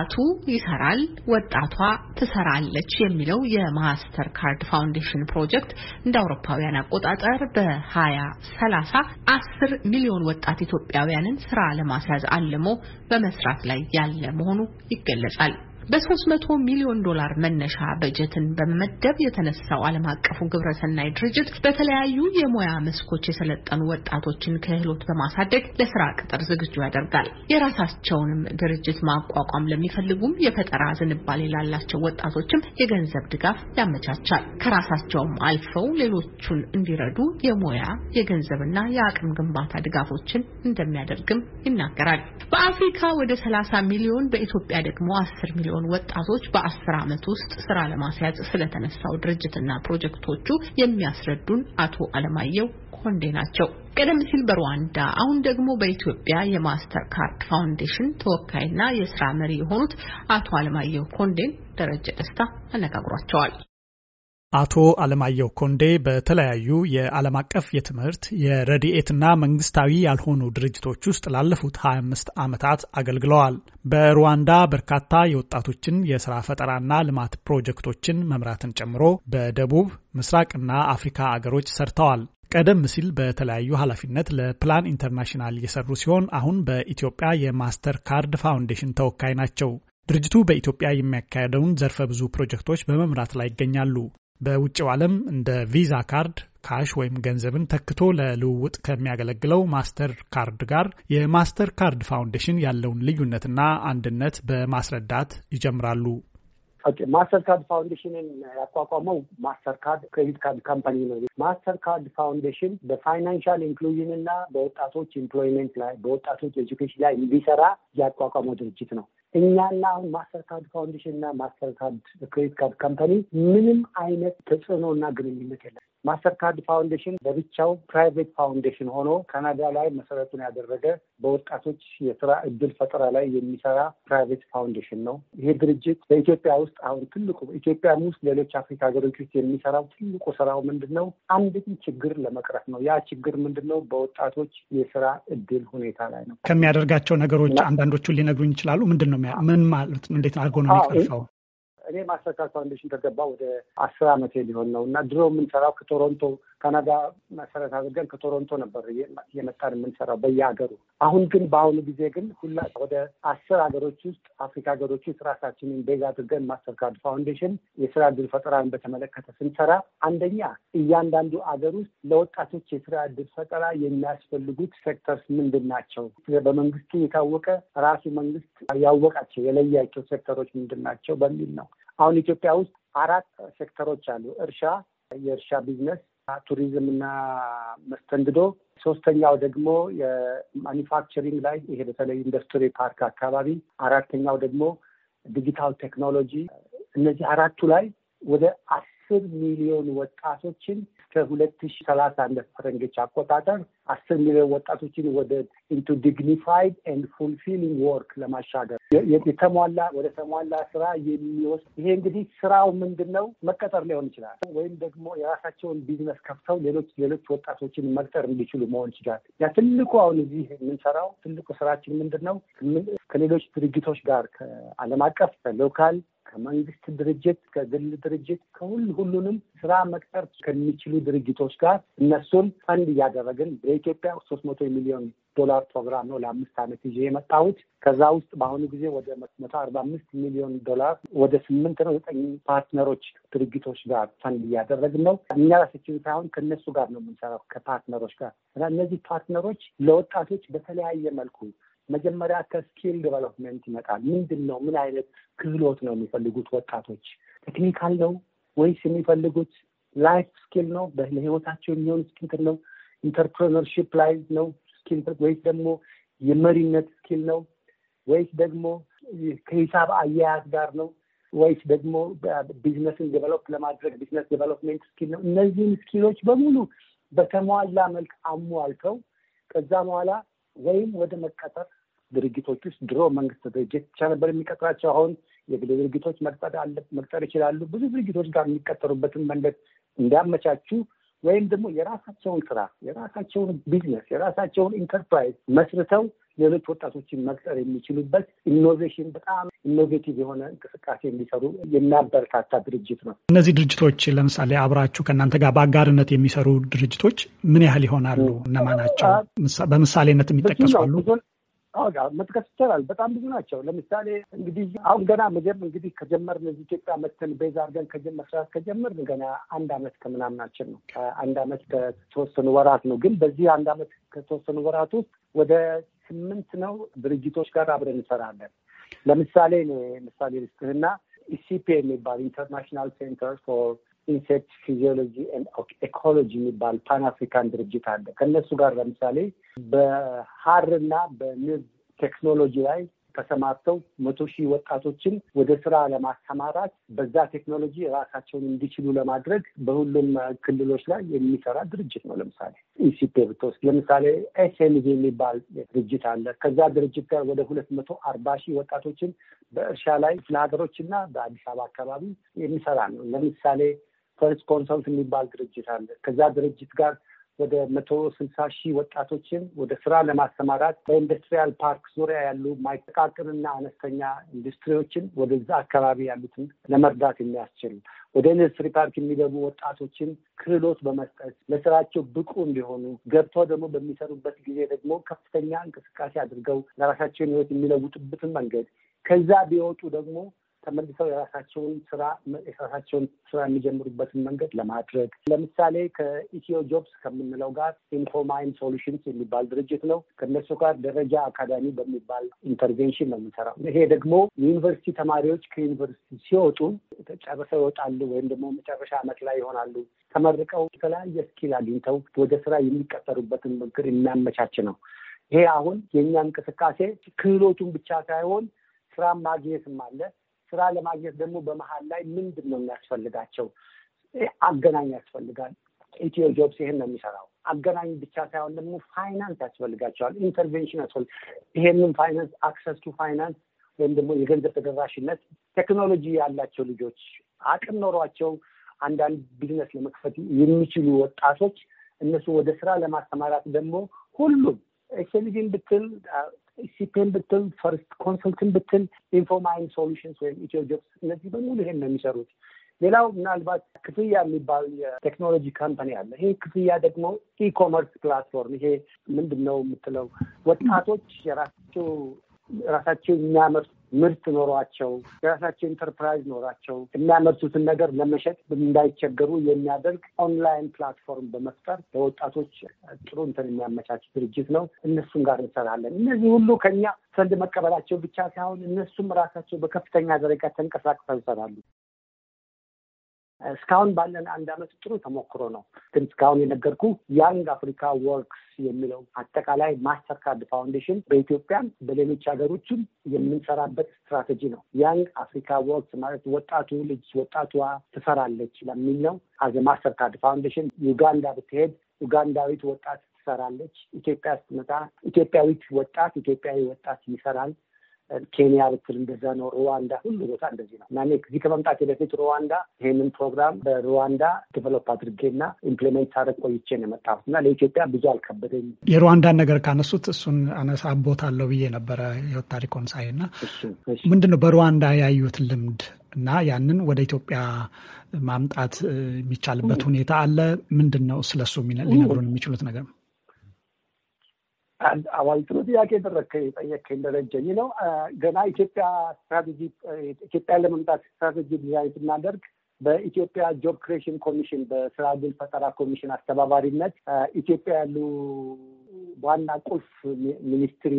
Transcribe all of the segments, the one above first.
ወጣቱ ይሰራል፣ ወጣቷ ትሰራለች የሚለው የማስተር ካርድ ፋውንዴሽን ፕሮጀክት እንደ አውሮፓውያን አቆጣጠር በ2030 10 ሚሊዮን ወጣት ኢትዮጵያውያንን ስራ ለማስያዝ አልሞ በመስራት ላይ ያለ መሆኑ ይገለጻል። በ300 ሚሊዮን ዶላር መነሻ በጀትን በመመደብ የተነሳው ዓለም አቀፉ ግብረሰናይ ድርጅት በተለያዩ የሙያ መስኮች የሰለጠኑ ወጣቶችን ክህሎት በማሳደግ ለስራ ቅጥር ዝግጁ ያደርጋል። የራሳቸውንም ድርጅት ማቋቋም ለሚፈልጉም የፈጠራ ዝንባሌ ላላቸው ወጣቶችም የገንዘብ ድጋፍ ያመቻቻል። ከራሳቸውም አልፈው ሌሎቹን እንዲረዱ የሙያ የገንዘብና የአቅም ግንባታ ድጋፎችን እንደሚያደርግም ይናገራል። በአፍሪካ ወደ 30 ሚሊዮን በኢትዮጵያ ደግሞ 10 ሚሊዮን ያላቸውን ወጣቶች በአስር ዓመት ውስጥ ስራ ለማስያዝ ስለተነሳው ድርጅትና ፕሮጀክቶቹ የሚያስረዱን አቶ አለማየሁ ኮንዴ ናቸው። ቀደም ሲል በሩዋንዳ አሁን ደግሞ በኢትዮጵያ የማስተር ካርድ ፋውንዴሽን ተወካይና የስራ መሪ የሆኑት አቶ አለማየሁ ኮንዴን ደረጀ ደስታ አነጋግሯቸዋል። አቶ አለማየሁ ኮንዴ በተለያዩ የዓለም አቀፍ የትምህርት የረድኤትና መንግስታዊ ያልሆኑ ድርጅቶች ውስጥ ላለፉት 25 ዓመታት አገልግለዋል። በሩዋንዳ በርካታ የወጣቶችን የሥራ ፈጠራና ልማት ፕሮጀክቶችን መምራትን ጨምሮ በደቡብ ምስራቅና አፍሪካ አገሮች ሰርተዋል። ቀደም ሲል በተለያዩ ኃላፊነት ለፕላን ኢንተርናሽናል የሰሩ ሲሆን አሁን በኢትዮጵያ የማስተር ካርድ ፋውንዴሽን ተወካይ ናቸው። ድርጅቱ በኢትዮጵያ የሚያካሄደውን ዘርፈ ብዙ ፕሮጀክቶች በመምራት ላይ ይገኛሉ። በውጭው ዓለም እንደ ቪዛ ካርድ ካሽ ወይም ገንዘብን ተክቶ ለልውውጥ ከሚያገለግለው ማስተር ካርድ ጋር የማስተር ካርድ ፋውንዴሽን ያለውን ልዩነትና አንድነት በማስረዳት ይጀምራሉ። ማስተር ካርድ ፋውንዴሽንን ያቋቋመው ማስተር ካርድ ክሬዲት ካርድ ካምፓኒ ነው። ማስተር ካርድ ፋውንዴሽን በፋይናንሻል ኢንክሉዥን እና በወጣቶች ኤምፕሎይመንት ላይ በወጣቶች ኤጁኬሽን ላይ እንዲሰራ ያቋቋመው ድርጅት ነው። እኛና አሁን ማስተርካርድ ፋውንዴሽን እና ማስተርካርድ ክሬዲት ካርድ ካምፓኒ ምንም አይነት ተጽዕኖና ግንኙነት የለም። ማስተርካርድ ፋውንዴሽን በብቻው ፕራይቬት ፋውንዴሽን ሆኖ ካናዳ ላይ መሰረቱን ያደረገ በወጣቶች የስራ እድል ፈጠራ ላይ የሚሰራ ፕራይቬት ፋውንዴሽን ነው። ይሄ ድርጅት በኢትዮጵያ ውስጥ አሁን ትልቁ ኢትዮጵያ ውስጥ ሌሎች አፍሪካ ሀገሮች ውስጥ የሚሰራው ትልቁ ስራው ምንድን ነው? አንድን ችግር ለመቅረፍ ነው። ያ ችግር ምንድን ነው? በወጣቶች የስራ እድል ሁኔታ ላይ ነው። ከሚያደርጋቸው ነገሮች አንዳንዶቹን ሊነግሩኝ ይችላሉ? ምንድን ነው ማስቀደሚያ ምን ማለት እንዴት አድርጎ ነው የሚቀርፈው? እኔ ማስተርካርድ ፋውንዴሽን ከገባ ወደ አስር አመቴ ሊሆን ነው እና ድሮ የምንሰራው ከቶሮንቶ ካናዳ መሰረት አድርገን ከቶሮንቶ ነበር የመጣን የምንሰራው በየሀገሩ። አሁን ግን በአሁኑ ጊዜ ግን ሁላ ወደ አስር ሀገሮች ውስጥ አፍሪካ ሀገሮች ውስጥ ራሳችንን ቤዝ አድርገን ማስተርካርድ ፋውንዴሽን የስራ እድል ፈጠራን በተመለከተ ስንሰራ አንደኛ እያንዳንዱ አገር ውስጥ ለወጣቶች የስራ እድል ፈጠራ የሚያስፈልጉት ሴክተርስ ምንድን ናቸው? በመንግስቱ የታወቀ ራሱ መንግስት ያወቃቸው የለያቸው ሴክተሮች ምንድን ናቸው በሚል ነው። አሁን ኢትዮጵያ ውስጥ አራት ሴክተሮች አሉ። እርሻ፣ የእርሻ ቢዝነስ፣ ቱሪዝም እና መስተንግዶ፣ ሶስተኛው ደግሞ የማኒፋክቸሪንግ ላይ ይሄ በተለይ ኢንዱስትሪ ፓርክ አካባቢ፣ አራተኛው ደግሞ ዲጂታል ቴክኖሎጂ። እነዚህ አራቱ ላይ ወደ አስ አስር ሚሊዮን ወጣቶችን ከሁለት ሺ ሰላሳ እንደ ፈረንጆች አቆጣጠር አስር ሚሊዮን ወጣቶችን ወደ ኢንቱ ዲግኒፋይድ ኤንድ ፉልፊሊንግ ወርክ ለማሻገር የተሟላ ወደ ተሟላ ስራ የሚወስድ ይሄ እንግዲህ ስራው ምንድን ነው? መቀጠር ሊሆን ይችላል፣ ወይም ደግሞ የራሳቸውን ቢዝነስ ከፍተው ሌሎች ሌሎች ወጣቶችን መቅጠር እንዲችሉ መሆን ይችላል። ያ ትልቁ አሁን እዚህ የምንሰራው ትልቁ ስራችን ምንድን ነው? ከሌሎች ድርጅቶች ጋር ከአለም አቀፍ ከሎካል ከመንግስት ድርጅት፣ ከግል ድርጅት፣ ከሁሉ ሁሉንም ስራ መቅጠር ከሚችሉ ድርጅቶች ጋር እነሱን ፈንድ እያደረግን በኢትዮጵያ ሶስት መቶ ሚሊዮን ዶላር ፕሮግራም ነው ለአምስት ዓመት ይዤ የመጣሁት። ከዛ ውስጥ በአሁኑ ጊዜ ወደ መቶ አርባ አምስት ሚሊዮን ዶላር ወደ ስምንት ነው ዘጠኝ ፓርትነሮች ድርጅቶች ጋር ፈንድ እያደረግን ነው። እኛ ራሳችን ሳይሆን ከእነሱ ጋር ነው የምንሰራው ከፓርትነሮች ጋር እና እነዚህ ፓርትነሮች ለወጣቶች በተለያየ መልኩ መጀመሪያ ከስኪል ዲቨሎፕመንት ይመጣል። ምንድን ነው ምን አይነት ክህሎት ነው የሚፈልጉት ወጣቶች? ቴክኒካል ነው ወይስ የሚፈልጉት ላይፍ ስኪል ነው? ለህይወታቸው የሚሆን ስኪል ነው? ኢንተርፕረነርሺፕ ላይ ነው ስኪል ወይስ ደግሞ የመሪነት ስኪል ነው ወይስ ደግሞ ከሂሳብ አያያዝ ጋር ነው ወይስ ደግሞ ቢዝነስን ዴቨሎፕ ለማድረግ ቢዝነስ ዴቨሎፕሜንት ስኪል ነው። እነዚህን ስኪሎች በሙሉ በተሟላ መልክ አሟልተው ከዛ በኋላ ወይም ወደ መቀጠር ድርጅቶች ውስጥ ድሮ መንግስት ድርጅት ብቻ ነበር የሚቀጥራቸው። አሁን የግል ድርጅቶች መቅጠር ይችላሉ። ብዙ ድርጅቶች ጋር የሚቀጠሩበትን መንገድ እንዲያመቻቹ ወይም ደግሞ የራሳቸውን ስራ፣ የራሳቸውን ቢዝነስ፣ የራሳቸውን ኢንተርፕራይዝ መስርተው ሌሎች ወጣቶችን መቅጠር የሚችሉበት ኢኖቬሽን በጣም ኢኖቬቲቭ የሆነ እንቅስቃሴ የሚሰሩ የሚያበረታታ ድርጅት ነው። እነዚህ ድርጅቶች ለምሳሌ አብራችሁ ከእናንተ ጋር በአጋርነት የሚሰሩ ድርጅቶች ምን ያህል ይሆናሉ? እነማ ናቸው? በምሳሌነት የሚጠቀሱ አሉ? መጥቀስ ይቻላል። በጣም ብዙ ናቸው። ለምሳሌ እንግዲህ አሁን ገና መጀመር እንግዲህ ከጀመርን ኢትዮጵያ መተን ቤዛ አድርገን ከጀመር ስርዓት ከጀመር ገና አንድ አመት ከምናምናችን ነው። ከአንድ አመት ከተወሰኑ ወራት ነው። ግን በዚህ አንድ አመት ከተወሰኑ ወራት ውስጥ ወደ ስምንት ነው ድርጅቶች ጋር አብረን እንሰራለን። ለምሳሌ ምሳሌ ልስጥህና ኢሲፒ የሚባል ኢንተርናሽናል ሴንተር ፎር ኢንሴክት ፊዚዮሎጂ ኤኮሎጂ የሚባል ፓን አፍሪካን ድርጅት አለ። ከእነሱ ጋር ለምሳሌ በሀርና በንብ ቴክኖሎጂ ላይ ተሰማርተው መቶ ሺህ ወጣቶችን ወደ ስራ ለማሰማራት በዛ ቴክኖሎጂ ራሳቸውን እንዲችሉ ለማድረግ በሁሉም ክልሎች ላይ የሚሰራ ድርጅት ነው። ለምሳሌ ኢሲፔ ብትወስድ ለምሳሌ ኤስኤምዚ የሚባል ድርጅት አለ። ከዛ ድርጅት ጋር ወደ ሁለት መቶ አርባ ሺህ ወጣቶችን በእርሻ ላይ ክፍለ ሀገሮች እና በአዲስ አበባ አካባቢ የሚሰራ ነው። ለምሳሌ ፈርስት ኮንሰልት የሚባል ድርጅት አለ። ከዛ ድርጅት ጋር ወደ መቶ ስልሳ ሺህ ወጣቶችን ወደ ስራ ለማሰማራት በኢንዱስትሪያል ፓርክ ዙሪያ ያሉ ማይጠቃቅንና አነስተኛ ኢንዱስትሪዎችን ወደዛ አካባቢ ያሉትን ለመርዳት የሚያስችል ወደ ኢንዱስትሪ ፓርክ የሚገቡ ወጣቶችን ክህሎት በመስጠት ለስራቸው ብቁ እንዲሆኑ ገብተው ደግሞ በሚሰሩበት ጊዜ ደግሞ ከፍተኛ እንቅስቃሴ አድርገው ለራሳቸውን ህይወት የሚለውጡበትን መንገድ ከዛ ቢወጡ ደግሞ ተመልሰው የራሳቸውን ስራ የራሳቸውን ስራ የሚጀምሩበትን መንገድ ለማድረግ ለምሳሌ ከኢትዮ ጆብስ ከምንለው ጋር ኢንፎማይን ሶሉሽንስ የሚባል ድርጅት ነው። ከነሱ ጋር ደረጃ አካዳሚ በሚባል ኢንተርቬንሽን ነው የምንሰራው። ይሄ ደግሞ ዩኒቨርሲቲ ተማሪዎች ከዩኒቨርሲቲ ሲወጡ ጨርሰው ይወጣሉ ወይም ደግሞ መጨረሻ ዓመት ላይ ይሆናሉ ተመርቀው የተለያየ ስኪል አግኝተው ወደ ስራ የሚቀጠሩበትን ምክር የሚያመቻች ነው። ይሄ አሁን የእኛ እንቅስቃሴ ክህሎቱን ብቻ ሳይሆን ስራ ማግኘትም አለ ስራ ለማግኘት ደግሞ በመሀል ላይ ምንድን ነው የሚያስፈልጋቸው? አገናኝ ያስፈልጋል። ኢትዮ ጆብስ ይሄን ነው የሚሰራው። አገናኝ ብቻ ሳይሆን ደግሞ ፋይናንስ ያስፈልጋቸዋል። ኢንተርቬንሽን ያስፈልግ ይሄንን ፋይናንስ አክሰስ ቱ ፋይናንስ ወይም ደግሞ የገንዘብ ተደራሽነት ቴክኖሎጂ ያላቸው ልጆች አቅም ኖሯቸው አንዳንድ ቢዝነስ ለመክፈት የሚችሉ ወጣቶች እነሱ ወደ ስራ ለማስተማራት ደግሞ ሁሉም ኤክስሊቪን ብትል ኢሲፒን ብትል ፈርስት ኮንሰልትን ብትል ኢንፎማይን ሶሉሽንስ ወይም ኢትዮ ጆብስ እነዚህ በሙሉ ይሄን ነው የሚሰሩት። ሌላው ምናልባት ክፍያ የሚባል የቴክኖሎጂ ካምፓኒ አለ። ይሄ ክፍያ ደግሞ ኢኮመርስ ፕላትፎርም ይሄ ምንድን ነው የምትለው ወጣቶች የራሳቸው ራሳቸው የሚያመርቱ ምርት ኖሯቸው የራሳቸው ኢንተርፕራይዝ ኖሯቸው የሚያመርቱትን ነገር ለመሸጥ እንዳይቸገሩ የሚያደርግ ኦንላይን ፕላትፎርም በመፍጠር ለወጣቶች ጥሩ እንትን የሚያመቻች ድርጅት ነው። እነሱም ጋር እንሰራለን። እነዚህ ሁሉ ከኛ ፈንድ መቀበላቸው ብቻ ሳይሆን እነሱም ራሳቸው በከፍተኛ ደረጃ ተንቀሳቅሰው ይሰራሉ። እስካሁን ባለን አንድ ዓመት ጥሩ ተሞክሮ ነው። ግን እስካሁን የነገርኩ ያንግ አፍሪካ ወርክስ የሚለው አጠቃላይ ማስተርካርድ ፋውንዴሽን በኢትዮጵያም በሌሎች ሀገሮችም የምንሰራበት ስትራቴጂ ነው። ያንግ አፍሪካ ወርክስ ማለት ወጣቱ ልጅ ወጣቷ ትሰራለች ለሚል ነው። አዘ ማስተርካርድ ፋውንዴሽን ዩጋንዳ ብትሄድ ዩጋንዳዊት ወጣት ትሰራለች። ኢትዮጵያ ስትመጣ ኢትዮጵያዊት ወጣት ኢትዮጵያዊ ወጣት ይሰራል። ኬንያ ብትል እንደዛ ነው። ሩዋንዳ ሁሉ ቦታ እንደዚህ ነው እና እዚህ ከመምጣት በፊት ሩዋንዳ ይህንን ፕሮግራም በሩዋንዳ ዴቨሎፕ አድርጌና ኢምፕሊመንት ሳደርግ ቆይቼ ነው የመጣሁት እና ለኢትዮጵያ ብዙ አልከበደኝ። የሩዋንዳን ነገር ካነሱት እሱን አነሳ ቦታ አለው ብዬ ነበረ የወት ታሪኮን ሳይ እና ምንድን ነው በሩዋንዳ ያዩት ልምድ እና ያንን ወደ ኢትዮጵያ ማምጣት የሚቻልበት ሁኔታ አለ። ምንድን ነው ስለሱ ሊነግሩን የሚችሉት ነገር ነው? ጥሩ ጥያቄ ደረከ የጠየከኝ ደረጀኝ ነው። ገና ኢትዮጵያ ስትራቴጂ ኢትዮጵያ ለመምጣት ስትራቴጂ ዲዛይን ስናደርግ በኢትዮጵያ ጆብ ክሬሽን ኮሚሽን በስራ ዕድል ፈጠራ ኮሚሽን አስተባባሪነት ኢትዮጵያ ያሉ ዋና ቁልፍ ሚኒስትሪ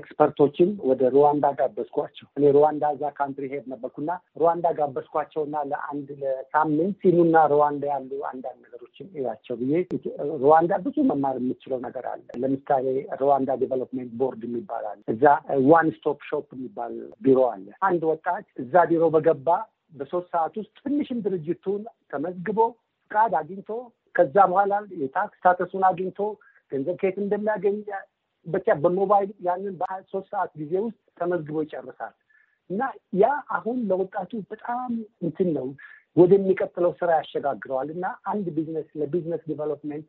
ኤክስፐርቶችን ወደ ሩዋንዳ ጋበዝኳቸው። እኔ ሩዋንዳ እዛ ካንትሪ ሄድ ነበርኩና ሩዋንዳ ጋበዝኳቸውና ለአንድ ለሳምንት ሲኑና ሩዋንዳ ያሉ አንዳንድ ነገሮችን እያቸው ብዬ ሩዋንዳ ብዙ መማር የምችለው ነገር አለ። ለምሳሌ ሩዋንዳ ዴቨሎፕሜንት ቦርድ የሚባል አለ። እዛ ዋን ስቶፕ ሾፕ የሚባል ቢሮ አለ። አንድ ወጣት እዛ ቢሮ በገባ በሶስት ሰዓት ውስጥ ትንሽም ድርጅቱን ተመዝግቦ ፍቃድ አግኝቶ ከዛ በኋላ የታክስ ስታተሱን አግኝቶ ገንዘብ ከየት እንደሚያገኝ በቃ በሞባይል ያንን በሶስት ሰዓት ጊዜ ውስጥ ተመዝግቦ ይጨርሳል። እና ያ አሁን ለወጣቱ በጣም እንትን ነው ወደሚቀጥለው ስራ ያሸጋግረዋል። እና አንድ ቢዝነስ ለቢዝነስ ዲቨሎፕመንት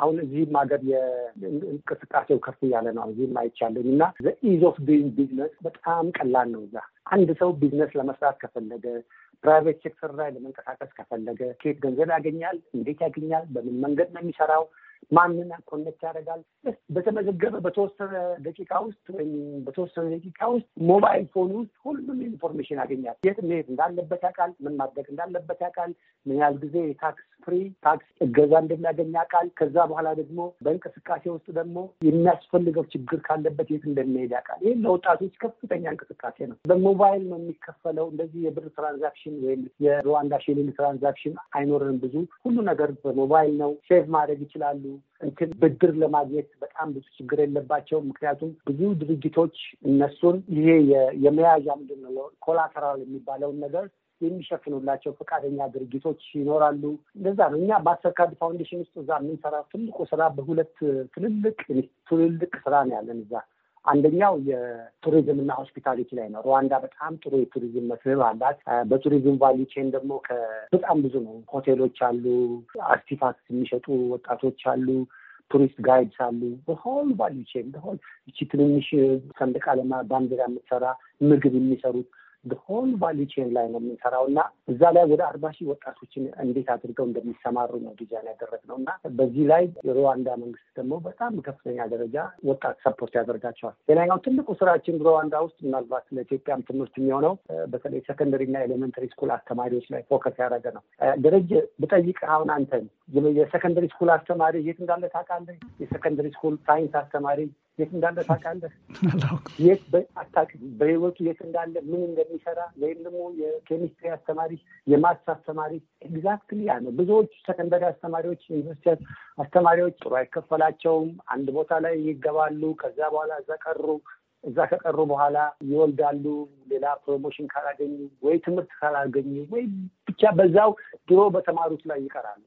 አሁን እዚህም ሀገር የእንቅስቃሴው ከፍ እያለ ነው። እዚህም አይቻለኝ እና ኢዝ ኦፍ ዱይንግ ቢዝነስ በጣም ቀላል ነው። እዛ አንድ ሰው ቢዝነስ ለመስራት ከፈለገ፣ ፕራይቬት ሴክተር ላይ ለመንቀሳቀስ ከፈለገ፣ ኬት ገንዘብ ያገኛል? እንዴት ያገኛል? በምን መንገድ ነው የሚሰራው? ማንን ኮኔክት ያደርጋል። በተመዘገበ በተወሰነ ደቂቃ ውስጥ ወይም በተወሰነ ደቂቃ ውስጥ ሞባይል ፎን ውስጥ ሁሉም ኢንፎርሜሽን ያገኛል። የት መሄድ እንዳለበት ያውቃል። ምን ማድረግ እንዳለበት ያውቃል። ምን ያህል ጊዜ የታክስ ፍሪ ታክስ እገዛ እንደሚያገኝ ያውቃል። ከዛ በኋላ ደግሞ በእንቅስቃሴ ውስጥ ደግሞ የሚያስፈልገው ችግር ካለበት የት እንደሚሄድ ያውቃል። ይህ ለወጣቶች ከፍተኛ እንቅስቃሴ ነው። በሞባይል ነው የሚከፈለው። እንደዚህ የብር ትራንዛክሽን ወይም የሩዋንዳ ሼሊንግ ትራንዛክሽን አይኖርንም። ብዙ ሁሉ ነገር በሞባይል ነው። ሴቭ ማድረግ ይችላሉ። እንትን ብድር ለማግኘት በጣም ብዙ ችግር የለባቸው። ምክንያቱም ብዙ ድርጅቶች እነሱን ይሄ የመያዣ ምንድን ነው ኮላተራል የሚባለውን ነገር የሚሸፍኑላቸው ፈቃደኛ ድርጊቶች ይኖራሉ። እንደዛ ነው። እኛ በአሰርካድ ፋውንዴሽን ውስጥ እዛ የምንሰራ ትልቁ ስራ በሁለት ትልልቅ ትልልቅ ስራ ነው ያለን እዛ አንደኛው የቱሪዝም እና ሆስፒታሊቲ ላይ ነው። ሩዋንዳ በጣም ጥሩ የቱሪዝም መስህብ አላት። በቱሪዝም ቫሊ ቼን ደግሞ በጣም ብዙ ነው። ሆቴሎች አሉ፣ አርቲፋክት የሚሸጡ ወጣቶች አሉ፣ ቱሪስት ጋይድስ አሉ። በሆል ቫሊ ቼን በሆል እቺ ትንንሽ ሰንደቅ ዓላማ ባንዲራ የምትሰራ ምግብ የሚሰሩት በሆል ቫሊ ቼን ላይ ነው የምንሰራው እና እዛ ላይ ወደ አርባ ሺህ ወጣቶችን እንዴት አድርገው እንደሚሰማሩ ነው ዲዛይን ያደረግነው እና በዚህ ላይ የሩዋንዳ መንግስት ደግሞ በጣም ከፍተኛ ደረጃ ወጣት ሰፖርት ያደርጋቸዋል። ሌላኛው ትልቁ ስራችን ሩዋንዳ ውስጥ ምናልባት ለኢትዮጵያም ትምህርት የሚሆነው በተለይ ሰከንደሪ እና ኤሌመንተሪ ስኩል አስተማሪዎች ላይ ፎከስ ያደረገ ነው። ደረጀ ብጠይቅ አሁን አንተን የሰከንደሪ ስኩል አስተማሪ የት እንዳለ ታውቃለህ? የሰከንደሪ ስኩል ሳይንስ አስተማሪ የት እንዳለ ታውቃለህ? የት አታውቅም። በህይወቱ የት እንዳለ ምን እንደሚሰራ ወይም ደግሞ የኬሚስትሪ አስተማሪ፣ የማስ አስተማሪ ኤግዛክትሊ ያ ነው። ብዙዎች ሰከንደሪ አስተማሪዎች፣ ዩኒቨርሲቲ አስተማሪዎች ጥሩ አይከፈላቸውም። አንድ ቦታ ላይ ይገባሉ። ከዛ በኋላ እዛ ቀሩ። እዛ ከቀሩ በኋላ ይወልዳሉ። ሌላ ፕሮሞሽን ካላገኙ ወይ ትምህርት ካላገኙ ወይ ብቻ በዛው ድሮ በተማሩት ላይ ይቀራሉ።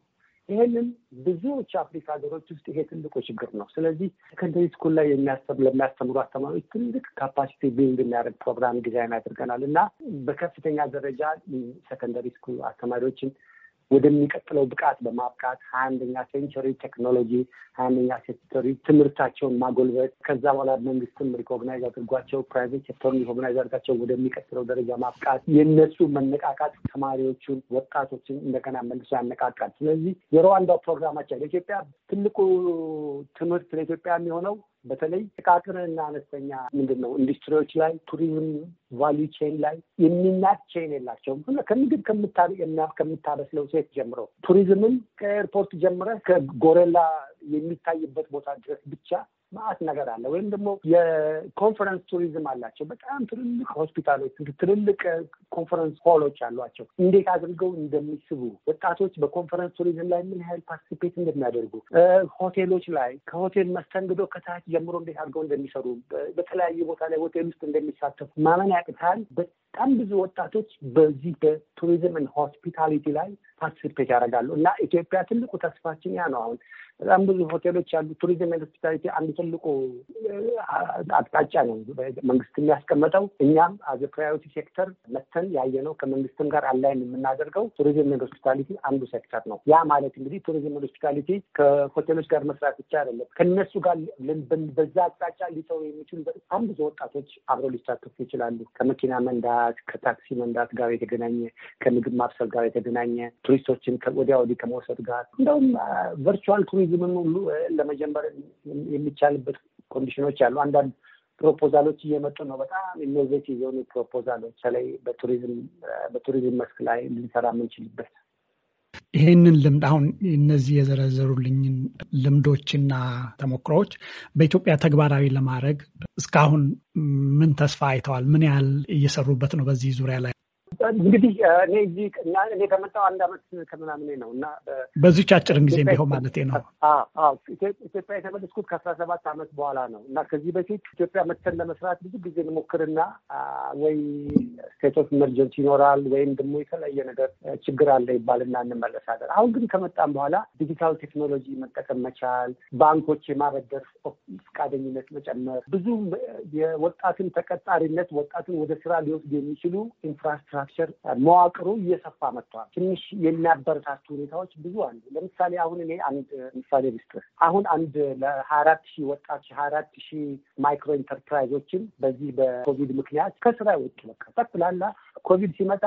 ይህንን ብዙዎች አፍሪካ ሀገሮች ውስጥ ይሄ ትልቁ ችግር ነው። ስለዚህ ሰከንደሪ ስኩል ላይ ለሚያስተምሩ አስተማሪዎች ትልቅ ካፓሲቲ ቢልድ የሚያደርግ ፕሮግራም ዲዛይን አድርገናል እና በከፍተኛ ደረጃ ሰከንደሪ ስኩል አስተማሪዎችን ወደሚቀጥለው ብቃት በማብቃት ሀያ አንደኛ ሴንቸሪ ቴክኖሎጂ ሀያ አንደኛ ሴንቸሪ ትምህርታቸውን ማጎልበት ከዛ በኋላ መንግስትም ሪኮግናይዝ አድርጓቸው ፕራይቬት ሴክተር ሪኮግናይዝ አድርጋቸው ወደሚቀጥለው ደረጃ ማብቃት የእነሱ መነቃቃት ተማሪዎቹን ወጣቶችን እንደገና መልሶ ያነቃቃል። ስለዚህ የሩዋንዳው ፕሮግራማቸው ለኢትዮጵያ ትልቁ ትምህርት ለኢትዮጵያ የሚሆነው በተለይ እና አነስተኛ ምንድን ነው ኢንዱስትሪዎች ላይ ቱሪዝም ቫሉ ቼን ላይ የሚናት ቼን የላቸውም። ከምግብ ከምታበስለው ሴት ጀምሮ ቱሪዝምም ከኤርፖርት ጀምረ ከጎረላ የሚታይበት ቦታ ድረስ ብቻ ማአት ነገር አለ። ወይም ደግሞ የኮንፈረንስ ቱሪዝም አላቸው። በጣም ትልልቅ ሆስፒታሎች፣ ትልልቅ ኮንፈረንስ ሆሎች አሏቸው። እንዴት አድርገው እንደሚስቡ ወጣቶች በኮንፈረንስ ቱሪዝም ላይ ምን ያህል ፓርቲሲፔት እንደሚያደርጉ ሆቴሎች ላይ ከሆቴል መስተንግዶ ከታች ጀምሮ እንዴት አድርገው እንደሚሰሩ በተለያዩ ቦታ ላይ ሆቴል ውስጥ እንደሚሳተፉ ማመን ያቅታል። በጣም ብዙ ወጣቶች በዚህ በቱሪዝም ሆስፒታሊቲ ላይ ፓርቲሲፔት ያደርጋሉ እና ኢትዮጵያ ትልቁ ተስፋችን ያ ነው አሁን በጣም ብዙ ሆቴሎች አሉ። ቱሪዝም ሆስፒታሊቲ አንድ ትልቁ አቅጣጫ ነው መንግስት የሚያስቀምጠው እኛም አዘ ፕራዮሪቲ ሴክተር መተን ያየ ነው ከመንግስትም ጋር አላይን የምናደርገው ቱሪዝም ሆስፒታሊቲ አንዱ ሴክተር ነው። ያ ማለት እንግዲህ ቱሪዝም ሆስፒታሊቲ ከሆቴሎች ጋር መስራት ብቻ አይደለም። ከነሱ ጋር በዛ አቅጣጫ ሊሰሩ የሚችሉ በጣም ብዙ ወጣቶች አብረው ሊሳተፉ ይችላሉ። ከመኪና መንዳት፣ ከታክሲ መንዳት ጋር የተገናኘ ከምግብ ማብሰል ጋር የተገናኘ ቱሪስቶችን ወዲያ ወዲህ ከመውሰድ ጋር እንደውም ቨርቹዋል ቱሪዝም እነዚህም ሁሉ ለመጀመር የሚቻልበት ኮንዲሽኖች አሉ። አንዳንድ ፕሮፖዛሎች እየመጡ ነው። በጣም ኢኖቬቲቭ የሆኑ ፕሮፖዛሎች በተለይ በቱሪዝም በቱሪዝም መስክ ላይ ልንሰራ የምንችልበት ይህንን ልምድ አሁን እነዚህ የዘረዘሩልኝን ልምዶችና ተሞክሮዎች በኢትዮጵያ ተግባራዊ ለማድረግ እስካሁን ምን ተስፋ አይተዋል? ምን ያህል እየሰሩበት ነው? በዚህ ዙሪያ ላይ እንግዲህ እኔ እዚህ እና እኔ ከመጣሁ አንድ አመት ከምናምኔ ነው እና በዚች አጭርን ጊዜ ቢሆን ማለት ነው። ኢትዮጵያ የተመለስኩት ከአስራ ሰባት አመት በኋላ ነው እና ከዚህ በፊት ኢትዮጵያ መተን ለመስራት ብዙ ጊዜ እንሞክርና ወይ ስቴት ኦፍ ኢመርጀንሲ ይኖራል ወይም ደግሞ የተለያየ ነገር ችግር አለ ይባልና እንመለሳለን። አሁን ግን ከመጣም በኋላ ዲጂታል ቴክኖሎጂ መጠቀም መቻል፣ ባንኮች የማበደር ፈቃደኝነት መጨመር፣ ብዙ የወጣትን ተቀጣሪነት ወጣትን ወደ ስራ ሊወስድ የሚችሉ ኢንፍራስትራክቸር ኢንፍራስትራክቸር መዋቅሩ እየሰፋ መጥቷል። ትንሽ የሚያበረታቱ ሁኔታዎች ብዙ አሉ። ለምሳሌ አሁን እኔ አንድ ምሳሌ ልስጥህ። አሁን አንድ ለሀያ አራት ሺህ ወጣት ሀያ አራት ሺህ ማይክሮ ኢንተርፕራይዞችን በዚህ በኮቪድ ምክንያት ከስራ ውጭ በቃ ጠቅላላ ኮቪድ ሲመጣ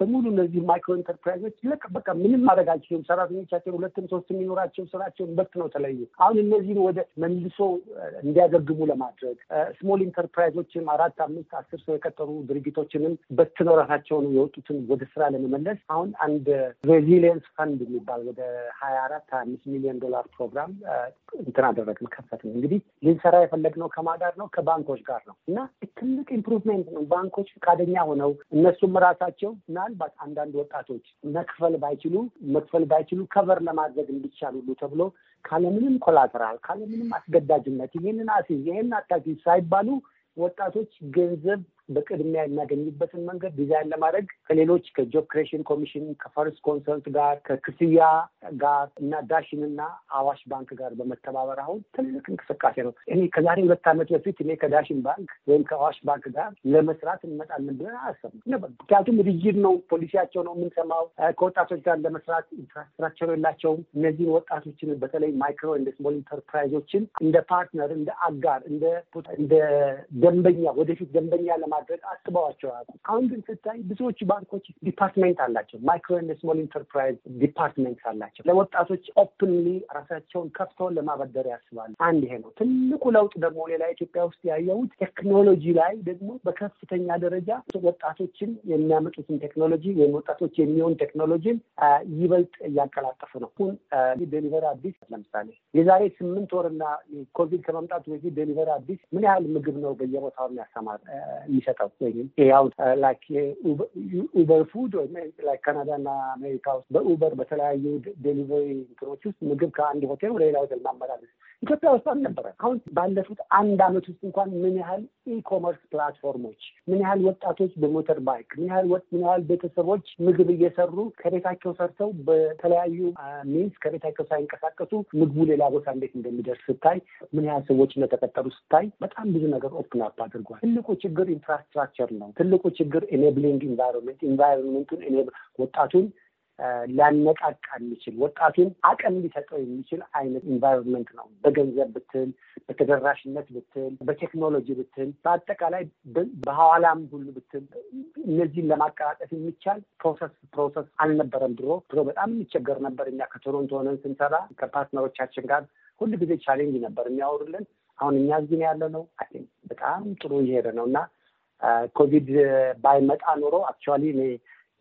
በሙሉ እነዚህ ማይክሮ ኢንተርፕራይዞች ልክ በቃ ምንም ማድረግ አልችልም። ሰራተኞቻቸውን ሁለትም ሶስት የሚኖራቸው ስራቸውን በት ነው ተለዩ። አሁን እነዚህን ወደ መልሶ እንዲያገግሙ ለማድረግ ስሞል ኢንተርፕራይዞችም አራት አምስት አስር ሰው የቀጠሩ ድርጅቶችንም በትነው ራሳቸውን የወጡትን ወደ ስራ ለመመለስ አሁን አንድ ሬዚሊየንስ ፈንድ የሚባል ወደ ሀያ አራት ሀያ አምስት ሚሊዮን ዶላር ፕሮግራም እንትን አደረግን ከፈትን። እንግዲህ ልንሰራ የፈለግነው ከማዳር ነው ከባንኮች ጋር ነው እና ትልቅ ኢምፕሩቭመንት ነው። ባንኮች ፈቃደኛ ሆነው እነሱም ራሳቸው እና መምህራን አንዳንድ ወጣቶች መክፈል ባይችሉ መክፈል ባይችሉ ከቨር ለማድረግ እንዲቻል ሁሉ ተብሎ ካለምንም ኮላተራል ካለምንም አስገዳጅነት ይሄንን አስይዝ ይሄንን አታስይዝ ሳይባሉ ወጣቶች ገንዘብ በቅድሚያ የሚያገኝበትን መንገድ ዲዛይን ለማድረግ ከሌሎች ከጆብ ክሬሽን ኮሚሽን ከፈርስት ኮንሰርት ጋር ከክፍያ ጋር እና ዳሽን እና አዋሽ ባንክ ጋር በመተባበር አሁን ትልቅ እንቅስቃሴ ነው። እኔ ከዛሬ ሁለት ዓመት በፊት እኔ ከዳሽን ባንክ ወይም ከአዋሽ ባንክ ጋር ለመስራት እንመጣለን ብለን አላሰብንም። ምክንያቱም ሪጅድ ነው፣ ፖሊሲያቸው ነው የምንሰማው። ከወጣቶች ጋር ለመስራት ኢንፍራስትራክቸር የላቸውም። እነዚህን ወጣቶችን በተለይ ማይክሮ እንደ ስሞል ኢንተርፕራይዞችን እንደ ፓርትነር፣ እንደ አጋር፣ እንደ ደንበኛ ወደፊት ደንበኛ ለማ ለማድረግ አስበዋቸዋል። አሁን ግን ስታይ ብዙዎቹ ባንኮች ዲፓርትመንት አላቸው። ማይክሮ ኤንድ ስሞል ኢንተርፕራይዝ ዲፓርትመንት አላቸው። ለወጣቶች ኦፕንሊ ራሳቸውን ከፍተውን ለማበደር ያስባሉ። አንድ ይሄ ነው። ትልቁ ለውጥ ደግሞ ሌላ ኢትዮጵያ ውስጥ ያየሁት ቴክኖሎጂ ላይ ደግሞ በከፍተኛ ደረጃ ወጣቶችን የሚያመጡትን ቴክኖሎጂ ወይም ወጣቶች የሚሆን ቴክኖሎጂን ይበልጥ እያቀላጠፉ ነው። ሁን ዴሊቨር አዲስ ለምሳሌ የዛሬ ስምንት ወርና ኮቪድ ከመምጣቱ በፊት ዴሊቨር አዲስ ምን ያህል ምግብ ነው በየቦታው የሚያሰማር የሚሰጠው ወይም ያው ኡበር ፉድ ወይም ላይ ካናዳ ካናዳና አሜሪካ ውስጥ በኡበር በተለያዩ ዴሊቨሪ እንትኖች ውስጥ ምግብ ከአንድ ሆቴል ወደ ሌላ ሆቴል ማመላለስ ኢትዮጵያ ውስጥ አልነበረ። አሁን ባለፉት አንድ አመት ውስጥ እንኳን ምን ያህል ኢኮመርስ ፕላትፎርሞች፣ ምን ያህል ወጣቶች በሞተር ባይክ፣ ምን ያህል ምን ያህል ቤተሰቦች ምግብ እየሰሩ ከቤታቸው ሰርተው በተለያዩ ሚንስ ከቤታቸው ሳይንቀሳቀሱ ምግቡ ሌላ ቦታ እንዴት እንደሚደርስ ስታይ፣ ምን ያህል ሰዎች እንደተቀጠሩ ስታይ በጣም ብዙ ነገር ኦፕን አፕ አድርጓል። ትልቁ ችግር ኢንፍራስትራክቸር ነው። ትልቁ ችግር ኢኔብሊንግ ኢንቫይሮንመንት ኢንቫይሮንመንቱን ወጣቱን ሊያነቃቃ የሚችል ወጣቱን አቅም ሊሰጠው የሚችል አይነት ኢንቫይሮንመንት ነው። በገንዘብ ብትል፣ በተደራሽነት ብትል፣ በቴክኖሎጂ ብትል፣ በአጠቃላይ በሐዋላም ሁሉ ብትል እነዚህን ለማቀላጠፍ የሚቻል ፕሮሰስ ፕሮሰስ አልነበረም። ድሮ ድሮ በጣም የሚቸገር ነበር። እኛ ከቶሮንቶ ሆነን ስንሰራ ከፓርትነሮቻችን ጋር ሁሉ ጊዜ ቻሌንጅ ነበር የሚያወሩልን። አሁን እኛ እዚህ ያለ ነው በጣም ጥሩ እየሄደ ነው እና ኮቪድ ባይመጣ ኖሮ አክቹዋሊ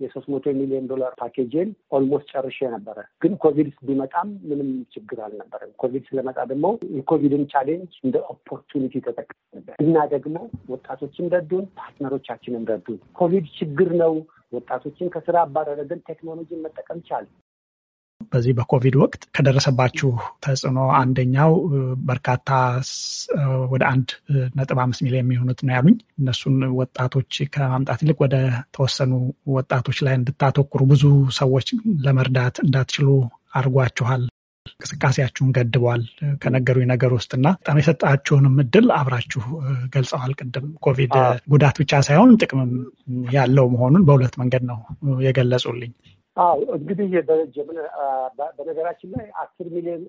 የሶስት መቶ ሚሊዮን ዶላር ፓኬጅን ኦልሞስት ጨርሼ ነበረ። ግን ኮቪድ ቢመጣም ምንም ችግር አልነበረም። ኮቪድ ስለመጣ ደግሞ የኮቪድን ቻሌንጅ እንደ ኦፖርቹኒቲ ተጠቀምበት እና ደግሞ ወጣቶችም ረዱን፣ ፓርትነሮቻችንም ረዱን። ኮቪድ ችግር ነው። ወጣቶችን ከስራ አባረረ፣ ግን ቴክኖሎጂን መጠቀም ቻል። በዚህ በኮቪድ ወቅት ከደረሰባችሁ ተጽዕኖ አንደኛው በርካታ ወደ አንድ ነጥብ አምስት ሚሊዮን የሚሆኑት ነው ያሉኝ። እነሱን ወጣቶች ከማምጣት ይልቅ ወደ ተወሰኑ ወጣቶች ላይ እንድታተኩሩ ብዙ ሰዎች ለመርዳት እንዳትችሉ አድርጓችኋል። እንቅስቃሴያችሁን ገድበዋል ከነገሩ ነገር እና በጣም የሰጣችሁንም እድል አብራችሁ ገልጸዋል። ቅድም ኮቪድ ጉዳት ብቻ ሳይሆን ጥቅምም ያለው መሆኑን በሁለት መንገድ ነው የገለጹልኝ። አው እንግዲህ የደረጀ በነገራችን ላይ አስር ሚሊዮን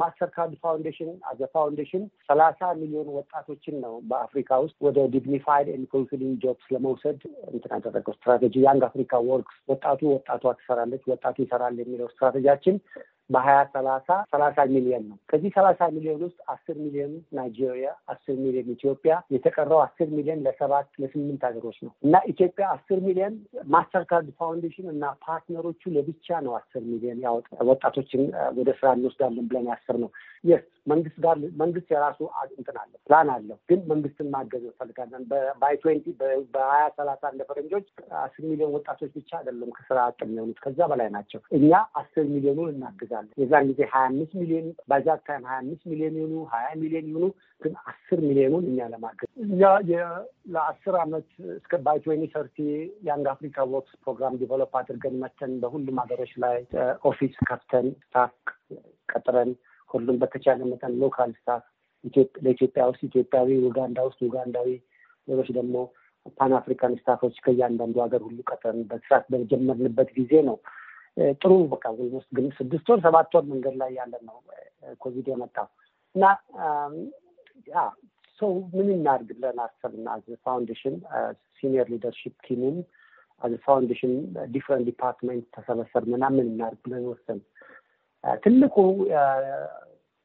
ማስተር ካርድ ፋውንዴሽን አዘ ፋውንዴሽን ሰላሳ ሚሊዮን ወጣቶችን ነው በአፍሪካ ውስጥ ወደ ዲግኒፋይድ ኢንክሉሲቪንግ ጆብስ ለመውሰድ እንትን ያደረገው ስትራቴጂ ያንግ አፍሪካ ወርክስ ወጣቱ ወጣቷ ትሰራለች፣ ወጣቱ ይሰራል የሚለው ስትራቴጂያችን በሀያ ሰላሳ ሰላሳ ሚሊዮን ነው። ከዚህ ሰላሳ ሚሊዮን ውስጥ አስር ሚሊዮን ናይጄሪያ፣ አስር ሚሊዮን ኢትዮጵያ፣ የተቀረው አስር ሚሊዮን ለሰባት ለስምንት ሀገሮች ነው እና ኢትዮጵያ አስር ሚሊዮን ማስተርካርድ ፋውንዴሽን እና ፓርትነሮቹ ለብቻ ነው አስር ሚሊዮን ያወጣ ወጣቶችን ወደ ስራ እንወስዳለን ብለን ያስር ነው የስ መንግስት ጋር መንግስት የራሱ እንትን አለው ፕላን አለው፣ ግን መንግስትን ማገዝ እንፈልጋለን። ባይ ትዌንቲ በሀያ ሰላሳ እንደ ፈረንጆች አስር ሚሊዮን ወጣቶች ብቻ አይደለም ከስራ አቅም የሚሆኑት ከዛ በላይ ናቸው። እኛ አስር ሚሊዮኑን እናግዛል ይችላል። የዛን ጊዜ ሀያ አምስት ሚሊዮን በዛ ታይም ሀያ አምስት ሚሊዮን የሆኑ ሀያ ሚሊዮን የሆኑ ግን አስር ሚሊዮኑን እኛ ለማገዝ እኛ ለአስር አመት እስከ ባይ ትዌንቲ ሰርቲ ያንግ አፍሪካ ወርክስ ፕሮግራም ዲቨሎፕ አድርገን መተን በሁሉም ሀገሮች ላይ ኦፊስ ከፍተን ስታፍ ቀጥረን ሁሉም በተቻለ መጠን ሎካል ስታፍ ለኢትዮጵያ ውስጥ ኢትዮጵያዊ፣ ኡጋንዳ ውስጥ ኡጋንዳዊ፣ ሌሎች ደግሞ ፓን አፍሪካን ስታፎች ከእያንዳንዱ ሀገር ሁሉ ቀጥረን በስራት በጀመርንበት ጊዜ ነው ጥሩ በቃ ውስጥ ግን ስድስት ወር ሰባት ወር መንገድ ላይ ያለን ነው ኮቪድ የመጣው እና ያ ሰው ምን እናድርግ ብለን አዘ ፋውንዴሽን ሲኒየር ሊደርሺፕ ቲምም አዘ ፋውንዴሽን ዲፍረንት ዲፓርትመንት ምና ምን እናድርግ ብለን ወሰን ትልቁ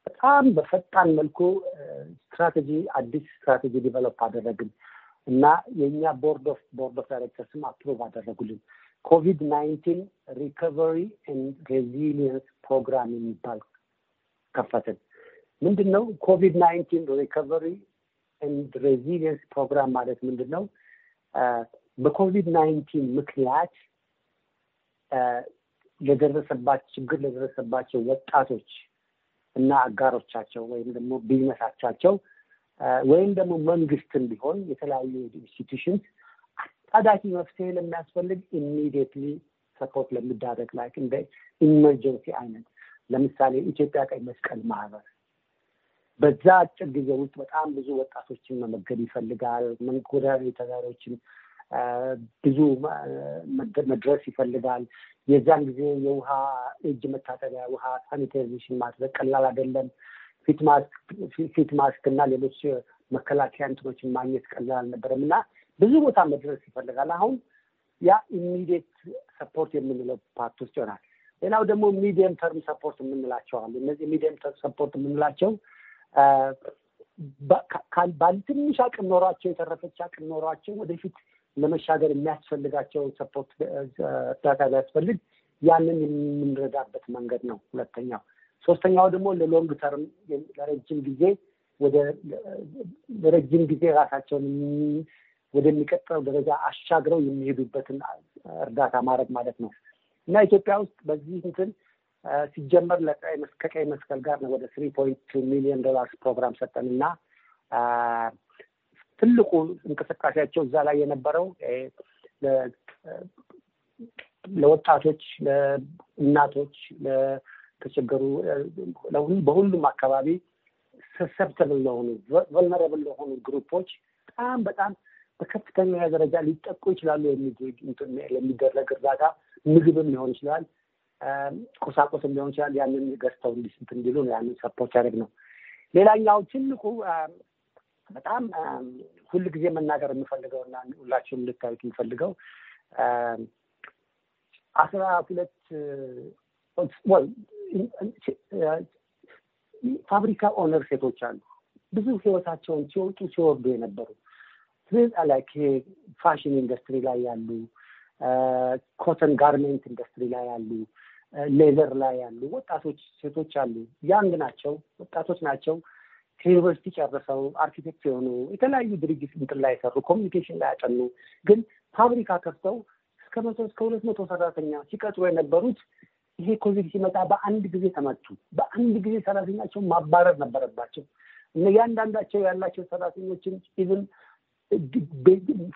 በጣም በፈጣን መልኩ ስትራቴጂ አዲስ ስትራቴጂ ዲቨሎፕ አደረግን እና የእኛ ቦርድ ኦፍ ቦርድ ኦፍ ዳይሬክተርስም አፕሮቭ አደረጉልን። ኮቪድ ናይንቲን ሪከቨሪ ኤንድ ሬዚሊየንስ ፕሮግራም የሚባል ከፈትን። ምንድን ነው ኮቪድ ናይንቲን ሪከቨሪ ኤንድ ሬዚሊየንስ ፕሮግራም ማለት ምንድን ነው? በኮቪድ ናይንቲን ምክንያት ለደረሰባቸው ችግር ለደረሰባቸው ወጣቶች እና አጋሮቻቸው ወይም ደግሞ ቢዝነሳቻቸው ወይም ደግሞ መንግስትም ቢሆን የተለያዩ ኢንስቲቱሽንስ ታዳጊ መፍትሄ ለሚያስፈልግ ኢሚዲየትሊ ሰፖርት ለሚዳረግ ላይ እንደ ኢመርጀንሲ አይነት ለምሳሌ ኢትዮጵያ ቀይ መስቀል ማህበር በዛ አጭር ጊዜ ውስጥ በጣም ብዙ ወጣቶችን መመገብ ይፈልጋል። መንጎዳሪ ተጋሪዎችን ብዙ መድረስ ይፈልጋል። የዛን ጊዜ የውሃ እጅ መታጠቢያ ውሃ ሳኒታይዜሽን ማድረግ ቀላል አይደለም። ፊት ማስክ እና ሌሎች መከላከያ እንትኖችን ማግኘት ቀላል አልነበረም እና ብዙ ቦታ መድረስ ይፈልጋል። አሁን ያ ኢሚዲየት ሰፖርት የምንለው ፓርት ውስጥ ይሆናል። ሌላው ደግሞ ሚዲየም ተርም ሰፖርት የምንላቸው አሉ። እነዚህ ሚዲየም ተርም ሰፖርት የምንላቸው ባልትንሽ ትንሽ አቅም ኖሯቸው የተረፈች አቅም ኖሯቸው ወደፊት ለመሻገር የሚያስፈልጋቸው ሰፖርት እርዳታ ቢያስፈልግ ያንን የምንረዳበት መንገድ ነው። ሁለተኛው ሶስተኛው ደግሞ ለሎንግ ተርም ለረጅም ጊዜ ወደ ለረጅም ጊዜ ራሳቸውን ወደሚቀጥለው ደረጃ አሻግረው የሚሄዱበትን እርዳታ ማድረግ ማለት ነው እና ኢትዮጵያ ውስጥ በዚህ እንትን ሲጀመር ከቀይ መስቀል ጋር ነው ወደ ስሪ ፖይንት ቱ ሚሊዮን ዶላርስ ፕሮግራም ሰጠን እና ትልቁ እንቅስቃሴያቸው እዛ ላይ የነበረው ለወጣቶች፣ ለእናቶች፣ ለተቸገሩ በሁሉም አካባቢ ሰሰብተብል ለሆኑ ቨልነረብል ለሆኑ ግሩፖች በጣም በጣም በከፍተኛ ደረጃ ሊጠቁ ይችላሉ ለሚደረግ እርዳታ ምግብም ሊሆን ይችላል፣ ቁሳቁስም ሊሆን ይችላል። ያንን ገዝተው እንዲስት እንዲሉ ነው ያንን ሰፖርት ያደርግ ነው። ሌላኛው ትልቁ በጣም ሁል ጊዜ መናገር የምፈልገው እና ሁላችሁም ልታዩት የምፈልገው አስራ ሁለት ፋብሪካ ኦነር ሴቶች አሉ ብዙ ህይወታቸውን ሲወጡ ሲወርዱ የነበሩ ላይክ ፋሽን ኢንዱስትሪ ላይ ያሉ ኮተን ጋርሜንት ኢንዱስትሪ ላይ ያሉ ሌዘር uh, ላይ ያሉ ወጣቶች ሴቶች አሉ። ያንግ ናቸው፣ ወጣቶች ናቸው። ከዩኒቨርሲቲ ጨርሰው አርኪቴክት የሆኑ የተለያዩ ድርጅት እንትን ላይ ሰሩ፣ ኮሚኒኬሽን ላይ ያጠኑ ግን ፋብሪካ ከፍተው እስከ መቶ እስከ ሁለት መቶ ሰራተኛ ሲቀጥሩ የነበሩት ይሄ ኮቪድ ሲመጣ በአንድ ጊዜ ተመቱ። በአንድ ጊዜ ሰራተኛቸው ማባረር ነበረባቸው። እነ ያንዳንዳቸው ያላቸው ሰራተኞችን ኢቭን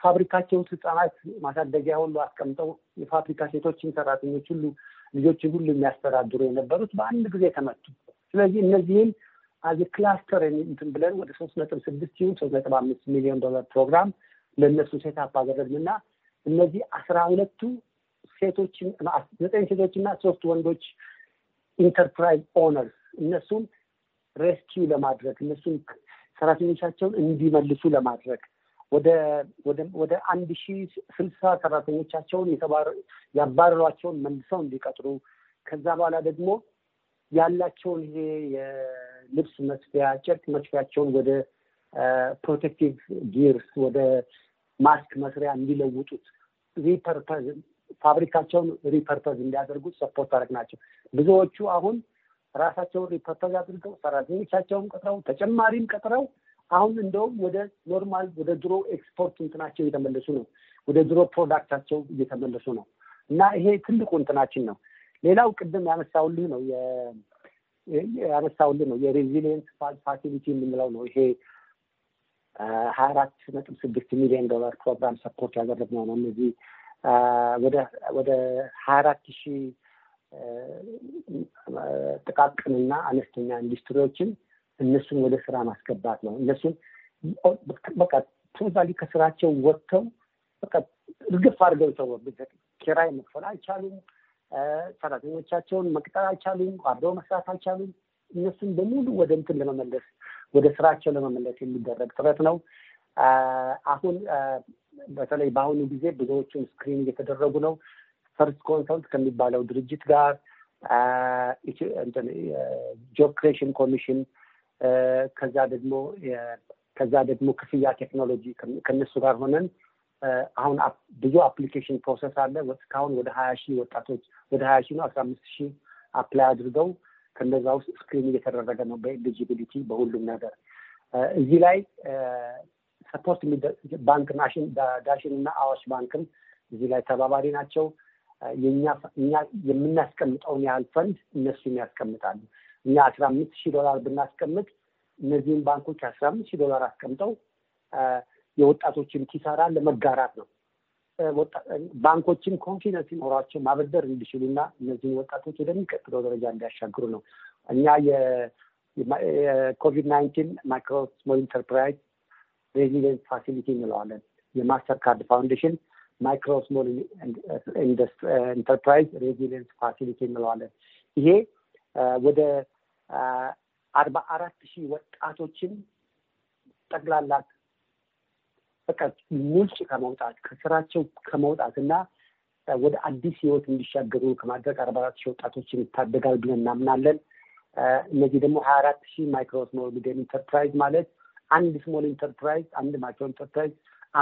ፋብሪካቸው ውስጥ ህጻናት ማሳደጊያ ሁሉ አስቀምጠው የፋብሪካ ሴቶችን፣ ሰራተኞች ሁሉ ልጆች ሁሉ የሚያስተዳድሩ የነበሩት በአንድ ጊዜ ተመቱ። ስለዚህ እነዚህም አዚ ክላስተር እንትን ብለን ወደ ሶስት ነጥብ ስድስት ሲሆን ሶስት ነጥብ አምስት ሚሊዮን ዶላር ፕሮግራም ለእነሱ ሴት አፕ አደረግንና እነዚህ አስራ ሁለቱ ሴቶችን ዘጠኝ ሴቶችና ሶስት ወንዶች ኢንተርፕራይዝ ኦነርስ እነሱን ሬስኪው ለማድረግ እነሱን ሰራተኞቻቸውን እንዲመልሱ ለማድረግ ወደ አንድ ሺ ስልሳ ሰራተኞቻቸውን ያባረሯቸውን መልሰው እንዲቀጥሩ ከዛ በኋላ ደግሞ ያላቸውን ይሄ የልብስ መስፊያ ጨርቅ መስፊያቸውን ወደ ፕሮቴክቲቭ ጊርስ ወደ ማስክ መስሪያ እንዲለውጡት ሪፐርፐዝ ፋብሪካቸውን ሪፐርፐዝ እንዲያደርጉት ሰፖርት አደረግ ናቸው። ብዙዎቹ አሁን ራሳቸውን ሪፐርፐዝ አድርገው ሰራተኞቻቸውን ቀጥረው ተጨማሪም ቀጥረው አሁን እንደውም ወደ ኖርማል ወደ ድሮ ኤክስፖርት እንትናቸው እየተመለሱ ነው። ወደ ድሮ ፕሮዳክታቸው እየተመለሱ ነው እና ይሄ ትልቁ እንትናችን ነው። ሌላው ቅድም ያነሳውልህ ነው ያነሳውልህ ነው የሬዚሊየንስ ፋሲሊቲ የምንለው ነው ይሄ ሀያ አራት ነጥብ ስድስት ሚሊዮን ዶላር ፕሮግራም ሰፖርት ያደረግነው ነው። እነዚህ ወደ ሀያ አራት ሺህ ጥቃቅንና አነስተኛ ኢንዱስትሪዎችን እነሱን ወደ ስራ ማስገባት ነው። እነሱን በቃ ቶታሊ ከስራቸው ወጥተው በቃ እርግፍ አድርገው ተወ። ኪራይ መክፈል አልቻሉም። ሰራተኞቻቸውን መቅጠር አልቻሉም። አብረው መስራት አልቻሉም። እነሱን በሙሉ ወደ እንትን ለመመለስ ወደ ስራቸው ለመመለስ የሚደረግ ጥረት ነው። አሁን በተለይ በአሁኑ ጊዜ ብዙዎቹን ስክሪን የተደረጉ ነው። ፈርስት ኮንሰልት ከሚባለው ድርጅት ጋር ጆብ ክሬሽን ኮሚሽን ከዛ ደግሞ ከዛ ደግሞ ክፍያ ቴክኖሎጂ ከነሱ ጋር ሆነን አሁን ብዙ አፕሊኬሽን ፕሮሰስ አለ። እስካሁን ወደ ሀያ ሺህ ወጣቶች ወደ ሀያ ሺህ ነው አስራ አምስት ሺህ አፕላይ አድርገው ከነዛ ውስጥ ስክሪን እየተደረገ ነው በኤሊጂቢሊቲ በሁሉም ነገር እዚህ ላይ ሰፖርት ባንክ ዳሽን እና አዋሽ ባንክም እዚህ ላይ ተባባሪ ናቸው። የእኛ የምናስቀምጠውን ያህል ፈንድ እነሱም ያስቀምጣሉ። እኛ አስራ አምስት ሺህ ዶላር ብናስቀምጥ እነዚህም ባንኮች አስራ አምስት ሺህ ዶላር አስቀምጠው የወጣቶችን ኪሳራ ለመጋራት ነው። ባንኮችን ኮንፊደንስ ሲኖሯቸው ማበደር እንዲችሉና እነዚህን ወጣቶች ወደሚቀጥለው ደረጃ እንዲያሻግሩ ነው። እኛ የኮቪድ ናይንቲን ማይክሮ ስሞል ኢንተርፕራይዝ ሬዚሊየንስ ፋሲሊቲ እንለዋለን። የማስተር ካርድ ፋውንዴሽን ማይክሮ ስሞል ኢንተርፕራይዝ ሬዚደንት ፋሲሊቲ እንለዋለን። ይሄ ወደ አርባ አራት ሺህ ወጣቶችን ጠቅላላ በቃ ሙልጭ ከመውጣት ከስራቸው ከመውጣት እና ወደ አዲስ ህይወት እንዲሻገሩ ከማድረግ አርባ አራት ሺህ ወጣቶችን ይታደጋል ብለን እናምናለን። እነዚህ ደግሞ ሀያ አራት ሺህ ማይክሮ ስሞል ሚዲየም ኢንተርፕራይዝ ማለት አንድ ስሞል ኢንተርፕራይዝ አንድ ማይክሮ ኢንተርፕራይዝ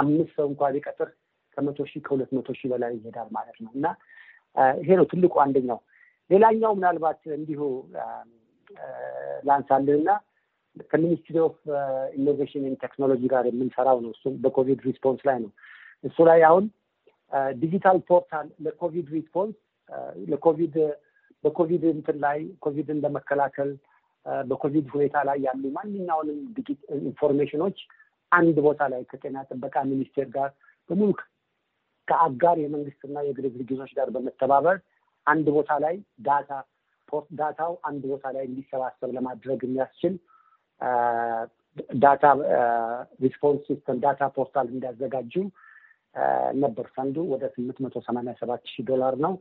አምስት ሰው እንኳ ሊቀጥር ከመቶ ሺህ ከሁለት መቶ ሺህ በላይ ይሄዳል ማለት ነው እና ይሄ ነው ትልቁ አንደኛው። ሌላኛው ምናልባት እንዲሁ ላንሳልህና ከሚኒስትሪ ኦፍ ኢኖቬሽን ቴክኖሎጂ ጋር የምንሰራው ነው። እሱም በኮቪድ ሪስፖንስ ላይ ነው። እሱ ላይ አሁን ዲጂታል ፖርታል ለኮቪድ ሪስፖንስ ለኮቪድ በኮቪድ እንትን ላይ ኮቪድን ለመከላከል በኮቪድ ሁኔታ ላይ ያሉ ማንኛውንም ኢንፎርሜሽኖች አንድ ቦታ ላይ ከጤና ጥበቃ ሚኒስቴር ጋር በሙሉ ከአጋር የመንግስትና የግል ድርጅቶች ጋር በመተባበር አንድ ቦታ ላይ ዳታ ስፖርት ዳታው አንድ ቦታ ላይ እንዲሰባሰብ ለማድረግ የሚያስችል ዳታ ሪስፖንስ ሲስተም ዳታ ፖርታል እንዲያዘጋጁ ነበር። ፈንዱ ወደ ስምንት መቶ ሰማኒያ ሰባት ሺህ ዶላር ነው።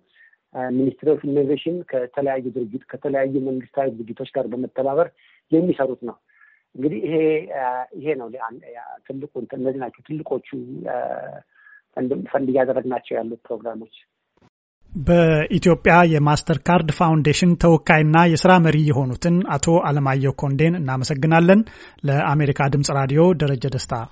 ሚኒስትሪ ኦፍ ኢኖቬሽን ከተለያዩ ድርጅት ከተለያዩ መንግስታዊ ድርጅቶች ጋር በመተባበር የሚሰሩት ነው። እንግዲህ ይሄ ይሄ ነው ትልቁ እነዚህ ናቸው ትልቆቹ ፈንድ እያደረግናቸው ያሉት ፕሮግራሞች። በኢትዮጵያ የማስተር ካርድ ፋውንዴሽን ተወካይና የስራ መሪ የሆኑትን አቶ አለማየሁ ኮንዴን እናመሰግናለን። ለአሜሪካ ድምጽ ራዲዮ ደረጀ ደስታ